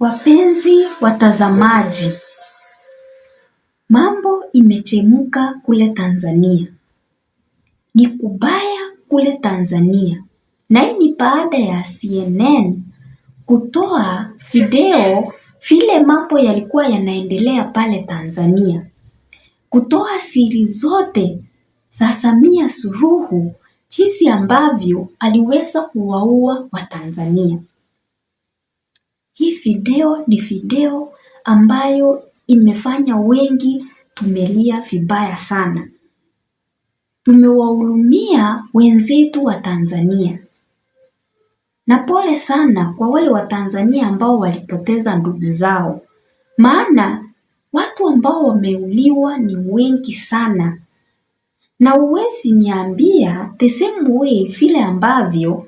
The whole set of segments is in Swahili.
Wapenzi watazamaji, mambo imechemka kule Tanzania. Ni kubaya kule Tanzania na hii ni baada ya CNN kutoa video vile mambo yalikuwa yanaendelea pale Tanzania, kutoa siri zote za Samia Suluhu jinsi ambavyo aliweza kuwaua Watanzania. Hii video ni video ambayo imefanya wengi tumelia vibaya sana. Tumewahurumia wenzetu wa Tanzania na pole sana kwa wale wa tanzania ambao walipoteza ndugu zao, maana watu ambao wameuliwa ni wengi sana na huwezi niambia the same way vile ambavyo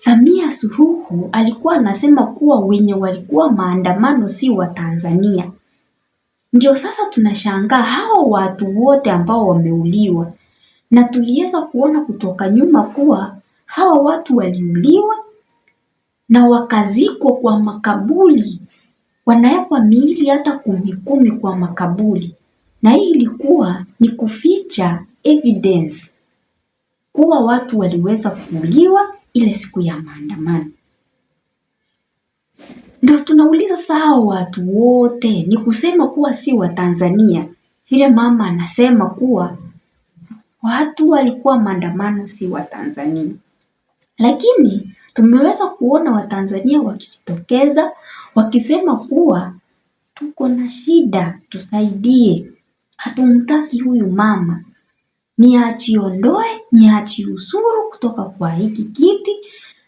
Samia Suluhu alikuwa anasema kuwa wenye walikuwa maandamano si wa tanzania Ndio sasa tunashangaa hao watu wote ambao wameuliwa, na tuliweza kuona kutoka nyuma kuwa hawa watu waliuliwa na wakazikwa kwa makaburi, wanawekwa miili hata kumi kumi kwa makaburi, na hii ilikuwa ni kuficha evidence kuwa watu waliweza kuuliwa ile siku ya maandamano. Ndio tunauliza sawa, watu wote ni kusema kuwa si wa tanzania vile mama anasema kuwa watu walikuwa maandamano si Watanzania, lakini tumeweza kuona Watanzania wakijitokeza wakisema kuwa tuko na shida, tusaidie, hatumtaki huyu mama niajiondoe, niache ushuru kutoka kwa hiki kiti,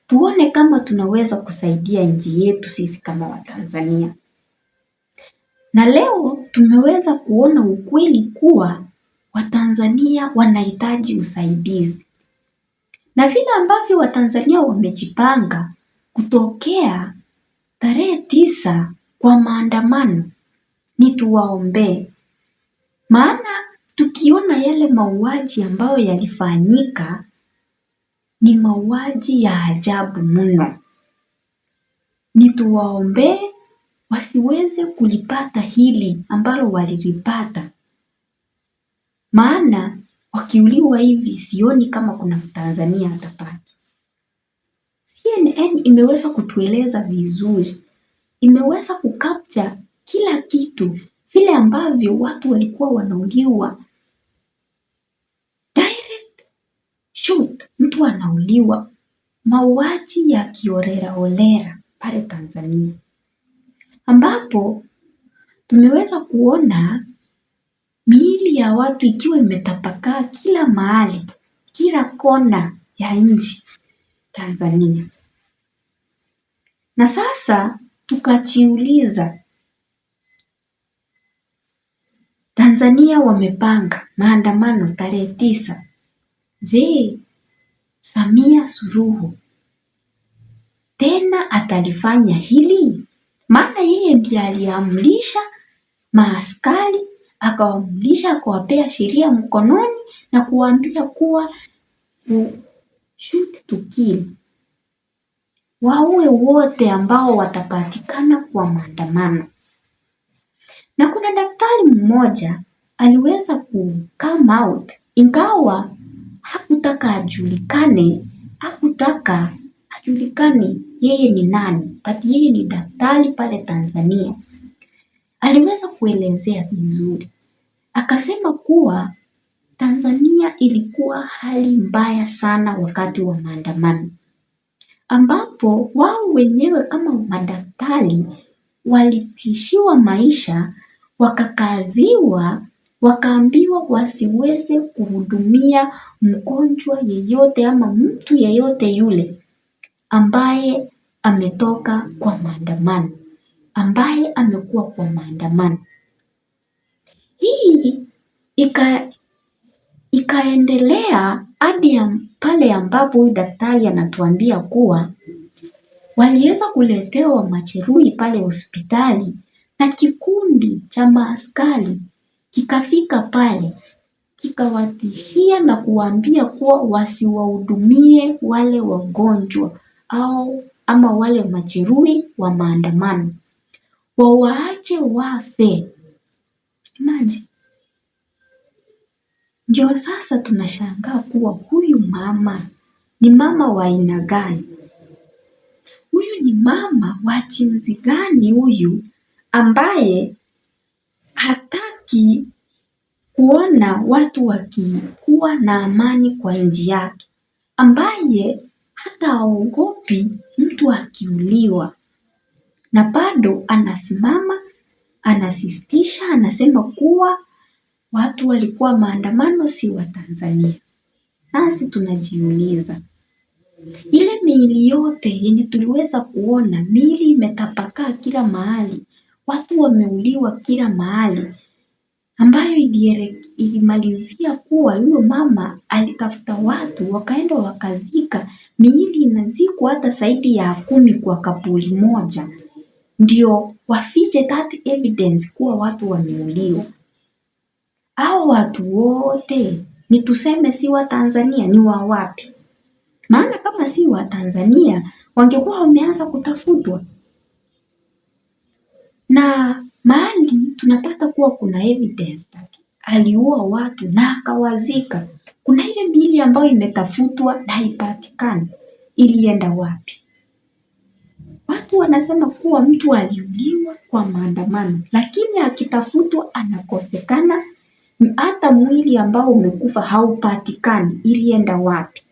tuone kama tunaweza kusaidia nchi yetu sisi kama Watanzania. Na leo tumeweza kuona ukweli kuwa Watanzania wanahitaji usaidizi na vile ambavyo Watanzania wamejipanga kutokea tarehe tisa kwa maandamano ni tuwaombee maana Ukiona yale mauaji ambayo yalifanyika ni mauaji ya ajabu mno. Ni tuwaombee wasiweze kulipata hili ambalo walilipata. Maana wakiuliwa hivi sioni kama kuna mtanzania atapaki. CNN imeweza kutueleza vizuri, imeweza kukapcha kila kitu vile ambavyo watu walikuwa wanauliwa mtu anauliwa, mauaji ya kiholelaholela pale Tanzania, ambapo tumeweza kuona miili ya watu ikiwa imetapakaa kila mahali, kila kona ya nchi Tanzania. Na sasa tukajiuliza, Tanzania wamepanga maandamano tarehe tisa. Je, Samia Suluhu tena atalifanya hili, maana yeye ndiye aliamrisha maaskari akawaamrisha akawapea sheria mkononi na kuwaambia kuwa shoot to kill waue wote ambao watapatikana kwa maandamano. Na kuna daktari mmoja aliweza ku come out ingawa hakutaka ajulikane, hakutaka ajulikane yeye ni nani, but yeye ni daktari pale Tanzania. Aliweza kuelezea vizuri, akasema kuwa Tanzania ilikuwa hali mbaya sana wakati wa maandamano, ambapo wao wenyewe kama madaktari walitishiwa maisha, wakakaziwa wakaambiwa wasiweze kuhudumia mgonjwa yeyote ama mtu yeyote yule ambaye ametoka kwa maandamano, ambaye amekuwa kwa maandamano. Hii ika, ikaendelea hadi pale ambapo huyu daktari anatuambia kuwa waliweza kuletewa majeruhi pale hospitali na kikundi cha maaskari Kikafika pale kikawatishia na kuwaambia kuwa wasiwahudumie wale wagonjwa au ama wale majeruhi wa maandamano, wawaache wafe. maji. Ndio sasa tunashangaa kuwa huyu mama ni mama wa aina gani? Huyu ni mama wa jinsi gani huyu ambaye kuona watu wakikuwa na amani kwa nchi yake, ambaye hata haogopi mtu akiuliwa na bado anasimama anasistisha anasema kuwa watu walikuwa maandamano si wa tanzania Nasi tunajiuliza ile miili yote yenye tuliweza kuona miili imetapakaa kila mahali, watu wameuliwa kila mahali ambayo ilimalizia kuwa huyo mama alitafuta watu wakaenda wakazika, miili inazikwa hata zaidi ya kumi kwa kapuli moja, ndio wafiche that evidence kuwa watu wameuliwa. Hao watu wote ni tuseme si wa Tanzania, ni wa wapi? Maana kama si wa Tanzania wangekuwa wameanza kutafutwa na mahali tunapata kuwa kuna evidence aliua watu na akawazika. Kuna ile miili ambayo imetafutwa na haipatikani, ilienda wapi? Watu wanasema kuwa mtu aliuliwa kwa maandamano, lakini akitafutwa anakosekana. Hata mwili ambao umekufa haupatikani, ilienda wapi?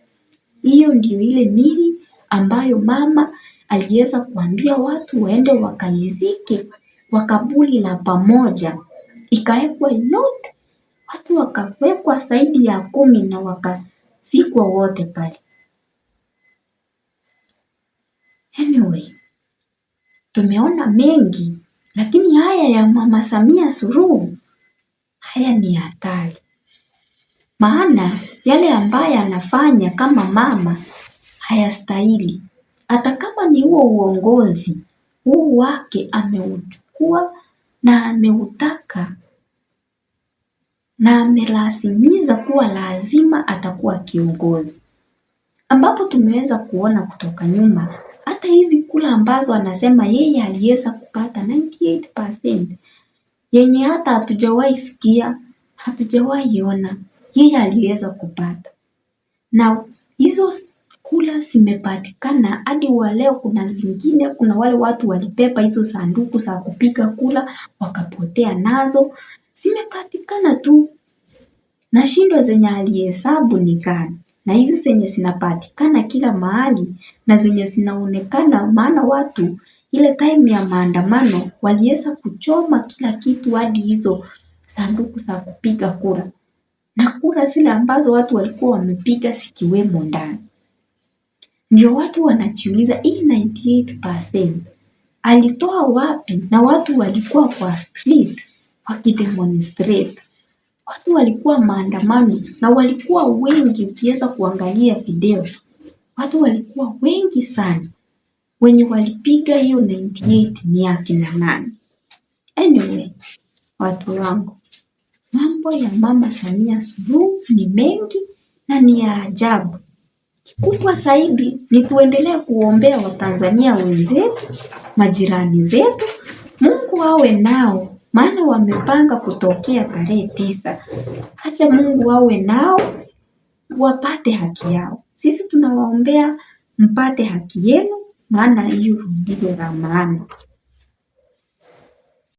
Hiyo ndio ile miili ambayo mama aliweza kuambia watu waende wakaizike wa kaburi la pamoja ikawekwa yote. Watu wakawekwa zaidi ya kumi na wakazikwa wote pale. Anyway, tumeona mengi lakini haya ya Mama Samia Suluhu haya ni hatari. Maana yale ambaye anafanya kama mama hayastahili. Hata kama ni huo uongozi huu wake ameutu kuwa na ameutaka na amelazimiza kuwa lazima atakuwa kiongozi, ambapo tumeweza kuona kutoka nyuma hata hizi kula ambazo anasema yeye aliweza kupata 98% yenye hata hatujawahi sikia, hatujawahi ona, yeye aliweza kupata na hizo chakula zimepatikana hadi wa leo kuna zingine, kuna wale watu walibeba hizo sanduku za kupiga kula wakapotea nazo. Zimepatikana tu nashindwa zenye alihesabu ni gani na hizi zenye zinapatikana kila mahali na zenye zinaonekana maana watu ile time ya maandamano waliweza kuchoma kila kitu hadi hizo sanduku za kupiga kura na kura zile ambazo watu walikuwa wamepiga zikiwemo ndani. Ndio watu wanajiuliza hii 98% alitoa wapi na watu walikuwa kwa street wakidemonstrate. Watu walikuwa maandamano na walikuwa wengi ukiweza kuangalia video. Watu walikuwa wengi sana. Wenye walipiga hiyo 98 ni akina nani? Anyway, watu wangu, mambo ya Mama Samia Suluhu ni mengi na ni ya ajabu kubwa zaidi ni tuendelee kuombea watanzania wenzetu, majirani zetu, Mungu awe nao, maana wamepanga kutokea tarehe tisa. Acha Mungu awe nao, wapate haki yao. Sisi tunawaombea mpate haki yenu, maana hiyo ndilo la maana.